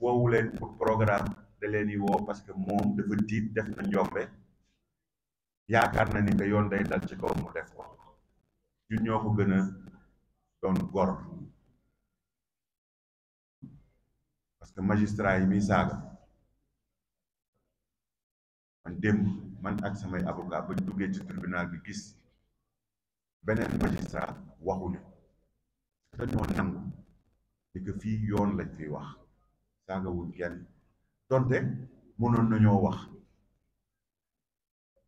woowu leen pour programme da leen di woo parce que moom dafa tiit def na njombe yaakaar na ni que yoon day dal ci kaw mu def ko ñun ñoo ko gën a doon gor parce que magistraa yi muy saaga man démb man ak samay avocat ba duggee ci tribunal bi gis beneen magistrat waxuñu dañoo nangu ni fii yoon lañ fi wax saagawuñ kenn donte mënoon nañoo wax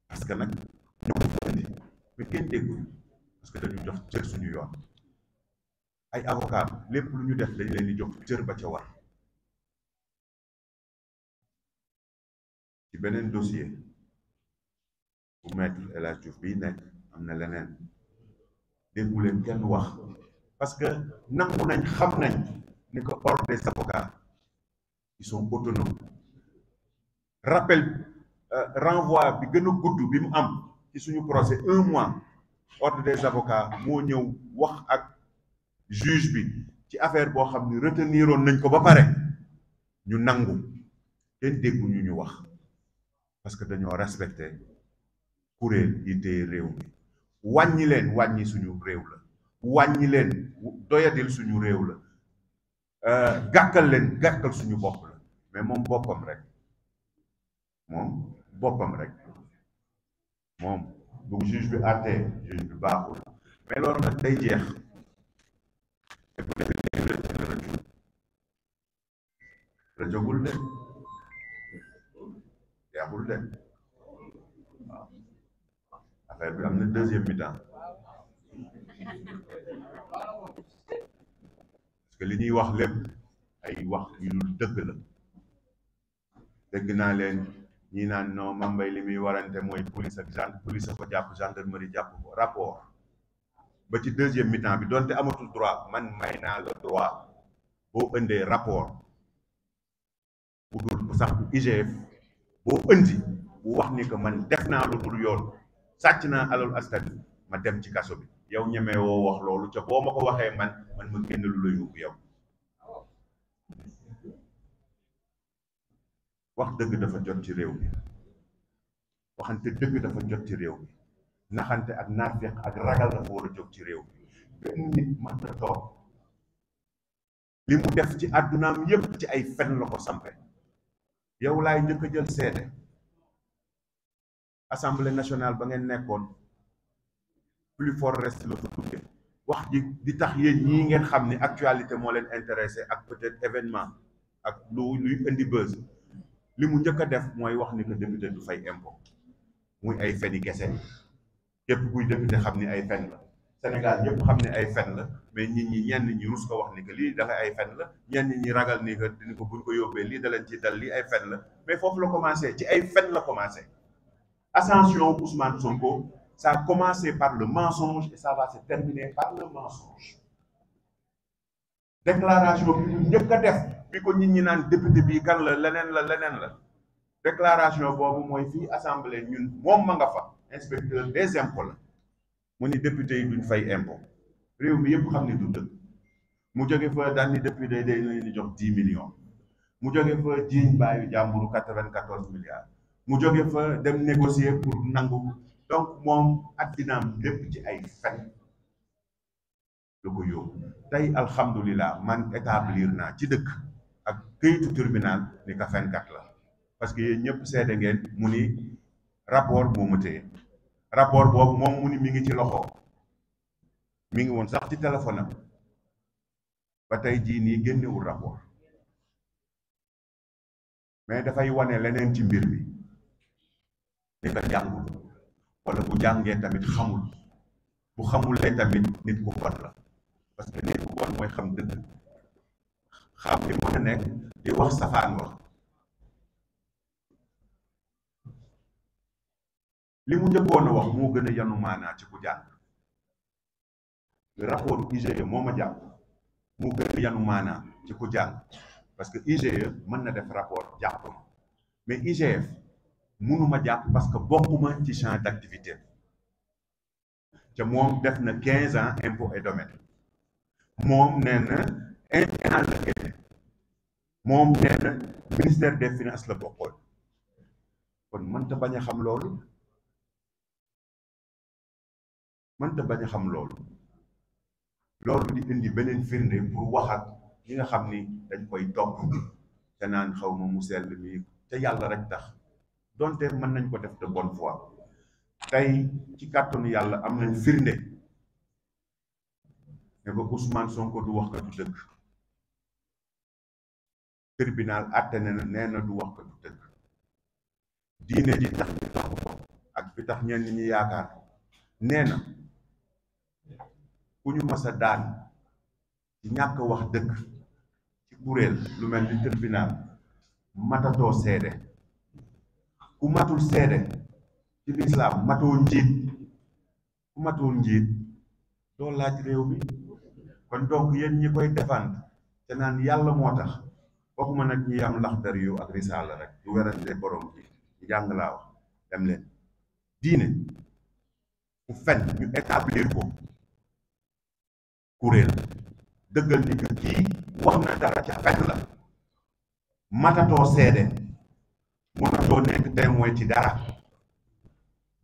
parce que nag ñoo mais kenn déggul parce que dañu jox cër suñu yoon ay avocat lépp lu ñu def dañ leen di jox cër ba ca war ci beneen dossier bu maître El Hadj Diouf bii nekk am na leneen déggu leen kenn wax parce que nangu nañ xam nañ ni ko ordre des avocats ils sont autonomes rappel euh, renvoi bi gën a gudd bi mu am ci suñu procès un mois ordre des avocats moo ñëw wax ak juge bi ci affaire boo xam ne reteniroon nañ ko ba pare ñu nangu kenn dégguñu ñu wax parce que dañoo respecté kuréel yi téye réew mi wàññi leen wàññi suñu réew la wàññi leen doyadil suñu réew la euh, gàkkal leen gàkkal suñu bopp mais moom boppam rek moom boppam rek moom bu juge bi àttee juge bi baaxul mais loolu nag day jeex te bu nekk dina rëccu de jeexul de waaw bi am na deuxième mi parce que li ñuy wax lépp ay wax yu dul dëgg la dégg naa leen ñi naan non Mame Mbaye li muy warante mooy police ak gen police a ko jàpp gendarmerie jàpp ko rapport ba ci deuxième mi-temps bi donte amatul droit man may naa la droit boo indee rapport bu dul sax bu IGF boo indi bu wax ni que man def naa lu dul yoon sàcc naa alalu askan ma dem ci kaso bi yow ñemee woo wax loolu ca boo ma ko waxee man man ma lu la yóbbu yow wax dëgg dafa jot ci réew mi waxante dëgg dafa jot ci réew mi naxante ak naafeq ak ragal dafa war a jóg ci réew mi benn nit mën na toog li mu def ci àddunaam yépp ci ay fen la ko sampe yow laay njëkk a jël seete assemblée nationale ba ngeen nekkoon plus for reste la fa tuddee wax ji di tax yéen ñii ngeen xam ni actualité moo leen intéressé ak peut-être événement ak lu luy indi buzz li mu njëkk a def mooy wax ni que député du fay impôt muy ay feni kese képp kuy député xam ni ay fen la Sénégal yëpp xam ne ay fen la mais nit ñi ñenn ko wax ni que lii dafa ay fen la ñenn ñi ragal ni que dina lii da leen ci dal lii ay fen la mais foofu la commencé ci ay fen la commencé ascension Ousmane Sonko ça a commencé par le mensonge et ça va terminer par le mensonge déclaration bi ñu njëkk a def bi ko nit ñi naan député bii kan la leneen la leneen la déclaration boobu mooy fii assemblée ñun moom ma nga fa inspecteur des impôts la mu ni député yi duñ fay impôt réew mi yëpp xam ne du dëgg mu jóge fa daan ni député day leen jox dix millions mu jóge fa jiiñ baayu jàmburu quatre-vingt-quatorze milliards mu jóge fa dem négocier pour nangu donc moom addinaam lépp ci ay fen da ko yóbbu tey alhamdulilah man établir naa ci dëkk ak këyitu tribunal ni ka fenkat la parce que yéen ñëpp seede ngeen mu ni rapport moo boobu moom mu ni mi ngi ci loxo mi ngi woon sax ci téléphone am ba tey jii nii génnewul rapport mais dafay wane leneen ci mbir mi ni ka jàngul wala bu jàngee tamit xamul bu xamulee tamit nit ku bon la parce que nit ku bon mooy xam dëgg xam li mën a nekk di wax safaan wax li mu njëkkoon wax moo gën a yanu ci ku jàng rapport IGE moo ma jàpp moo gën a yanu ci ku jàng parce que IGE mën na def rapport jàpp mais IGF mënuma jàpp parce que bokkuma ci champ d'activité te moom def na quinze ans impôt et domaine moom nee na instance moom nee ministère des finances la bokkoon kon mënta bañ a xam loolu mënta bañ a xam loolu loolu di indi beneen firnde pour wax ak ñi nga xam ni dañ koy topp te naan xaw ma mu sell mi te yàlla rek tax donte mën nañ ko def te bon foi tey ci kàttanu yàlla am nañ firnde ne ko Ousmane Sonko du wax ko du dëgg tribunal àtte na nee du wax ko du diine ji tax bi taxu ko ak bi tax ñenn ñi yaakaar ko ku ñu mas daan ci ñàkk wax dëgg ci kuréel lu mel ni tribunal matatoo seede ku matul seede ci lislaam matoo njiit ku matul njiit doo laaj réew mi kon donc yéen ñi koy défendre te naan yàlla moo tax waxuma nag ñi am laxdar yu ak risaala rek du werante borom ci jàng laa wax dem leen diine ku fen ñu établir ko kuréel dëggal ni ñu kii wax na dara ca fen la matatoo seede mënatoo nekk témoin ci dara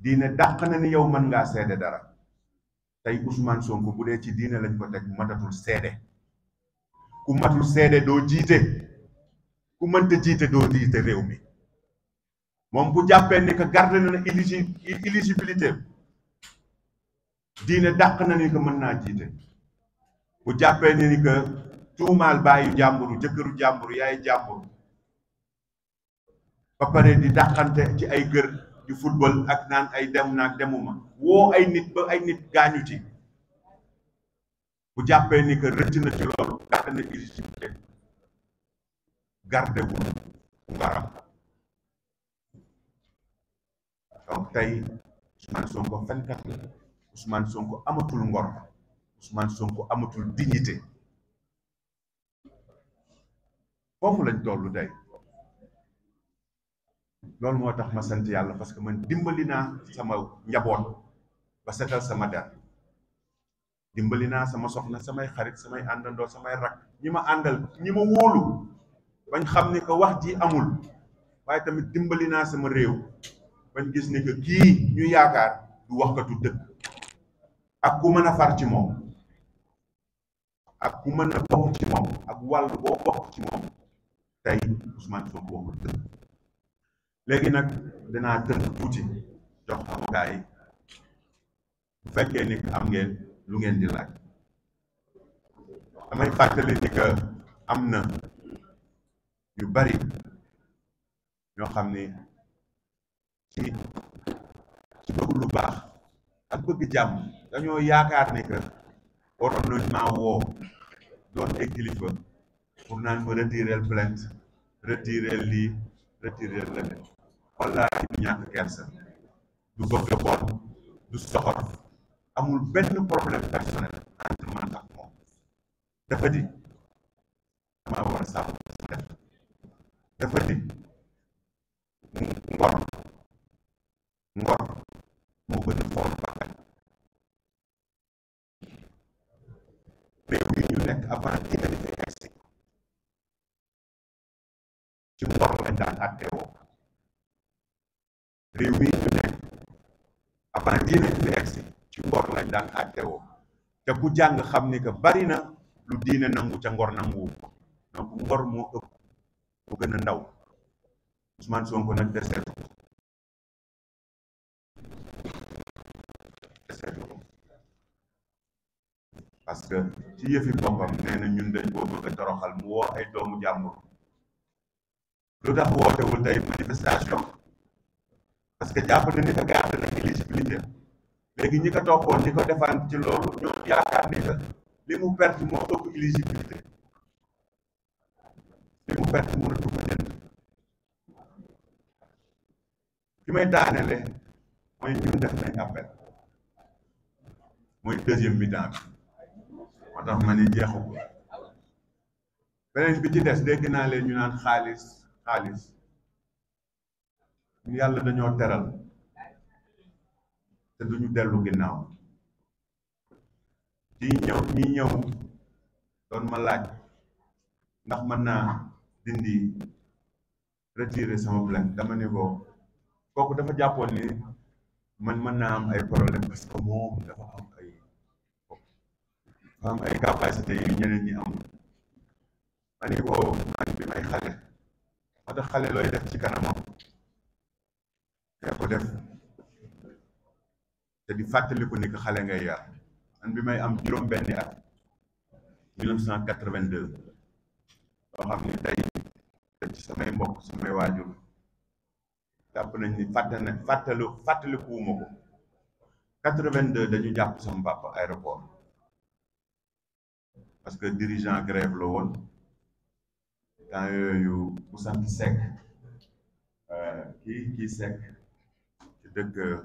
diine dàq na ni yow mën ngaa seede dara tey Ousmane Sonko bu dee ci diine lañ ko teg matatul seede ku matul seede doo jiite ku mënta jiite doo jiite réew mi moom bu jàppee ni que garde na éligi éligibilité diine dàq na ni que mën naa jiite bu jàppee ni que tuumaal bàyyi jàmburu jëkkëru jàmburu yaay jàmburu ba di dàqante ci ay kër di football ak naan ay dem naag demuma woo ay nit ba ay nit gaañu ci bu jàppee ni que rëcc na ci garde wul ngaram donc tey Ousmane Sonko fenkat la Sonko amatul ngor Ousmane Sonko amatul dignité foofu lañ tollu tey loolu moo tax ma sant yàlla parce que man dimbali naa sama njaboot ba setal sama der dimbali naa sama soxna samay xarit samay àndandoo samay rak ñi ma àndal ñi ma wóolu bañ xam ne que wax ji amul waaye tamit dimbali naa sama réew bañ gis ne que kii ñu yaakaar du waxkatu dëgg ak ku mën a far ci moom ak ku mën a bokk ci moom ak wàll boo bokk ci moom tey Ousmane Sonko waxul dëgg léegi nag dinaa tënk tuuti jox avocat bu fekkee ni am ngeen lu ngeen di laaj damay fàttali ni am na yu bari ñoo xam ni ci ci lu baax ak bëgg jàmm dañoo yaakaar ni que waroon nañ maa woo doon ay pour naan ma retirer plainte retirer lii retirer leneen wallaahi du ñàkk kersa du bëgg a du soxor amul benn problème personnel entre man moom dafa di damaa war a sàmm dafa di ngor ngor moo gën a foor bakkan mais ñu nekk apparent kontaan ak teewoo réew nekk avant diine di ci ngor lañ daan àtteewoo te ku jàng xam ni que bari na lu diine nangu ca ngor nanguwu donc ngor moo ëpp mu gën a ndaw Ousmane Sonko nag deseetu ko que ci yëfi boppam nee na ñun dañ koo bëgg toroxal mu woo ay doomu jàmbur lu tax wootewul tey manifestation parce que jàpp na ni que gàtt na éligibilité léegi ñi ko toppoon ñi ko defaan ci loolu ñoom yaakaar ni que li mu perte moo ëpp éligibilité li mu perte moo ëpp jënd fi may daanele mooy ñun def nañ appel mooy deuxième mi-temps bi moo tax ma ni jeexu beneen bi ci des dégg naa leen ñu naan xaalis xaalis ñu yàlla dañoo teral te duñu dellu ginnaaw di ñëw ñi ñëw doon ma laaj ndax mën naa dindi retirer sama plainte dama ne ko kooku dafa jàppoon ni man mën naa am ay problème parce moom dafa am ay dafa am ay yu ñeneen ñi am ma ne ko man bi may xale wata xale looy def ci kanamam yaa ko def te di fàttaliku ni xale ngay yar man bi may am juróom benni at 1982 loo xam ni tey ci samay mbokk samay waajur jàpp nañ ni fàtte na fàttalu fàttalikuwuma ko 82 dañu jàpp sama papa aéroport parce que dirigeant grève la woon temps yooyu ku sant Seck eh, kii kii Seck ci dëkk eh,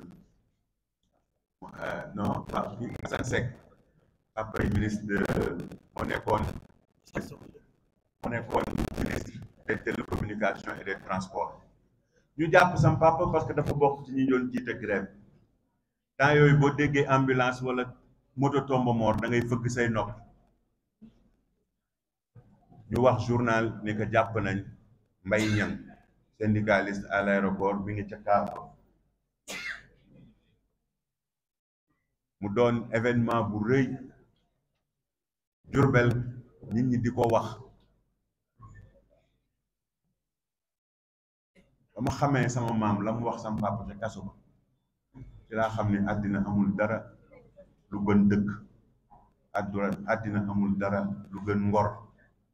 eh, non pa kii sant Seck après ministre moo nekkoon moo nekkoon ministre des télécommunications et des transports ñu jàpp sam papa parce que dafa bokk ci ñu doon jiite grève temps yooyu boo déggee ambulance wala moto tombe mort da ngay fëgg say nopp ñu wax journal nekk jàpp nañ Mbaye Niang syndicaliste à l'aéroport bi ngi ca mu doon événement bu rëy Jurbel nit ñi di ko wax dama xamee sama maam la wax sama papa ca kaso ba xam ne àddina amul dara lu gën dëkk àdduna àddina amul dara lu gën ngor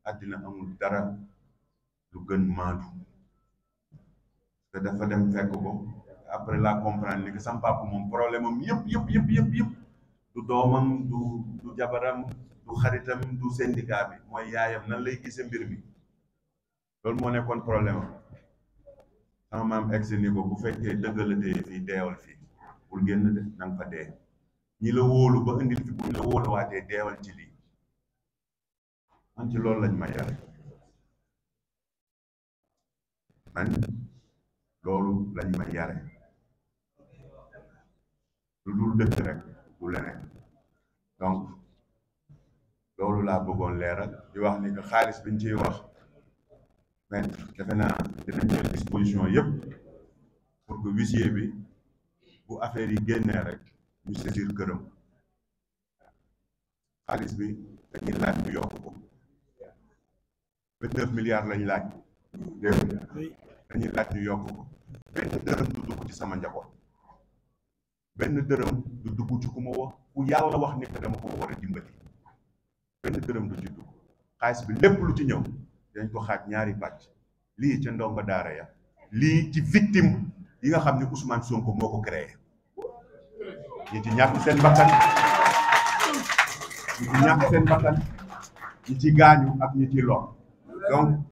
àddina amul dara lu gën maandu te dafa dem fekk ko après la comprendre ni que sama papa moom problème yëpp yëpp yëpp yëpp yëpp du doomam du du jabaram du xaritam du syndicat bi mooy yaayam nan lay gise mbir mi loolu moo nekkoon problème am sama maam egg ni ko bu fekkee dëggalatee fii deewal fii bul génn de na fa dee ñi la wóolu ba indil fi bu ñu la wóoluwaatee deewal ci lii man ci loolu lañ ma yar man loolu lañ ma yare lu dul dëkk rek du leneen donc loolu laa bëggoon leeral di wax ni que xaalis biñ ciy wax mais defe naa dinañ jël disposition yépp pour que huissier bi bu affaire yi génnee rek ñu saisir këram xaalis bi dañuy laaj ñu yokk vingt neuf milliards lañ laaj dégg dañuy laaj ñu yokk ko benn dërëm du dugg ci sama njaboot benn dërëm du dugg ci ku ma wax ku yàlla wax ni dama ko war a dimbali benn dërëm du ci dugg xaalis bi lépp lu ci ñëw dañ ko xaaj ñaari pàcc lii ca ndongo daara ya lii ci victime yi nga xam ne Ousmane Sonko moo ko créé ñi ci ñàkk seen ci ñàkk seen bakkan ñi ci gaañu ak ñi ci lor donc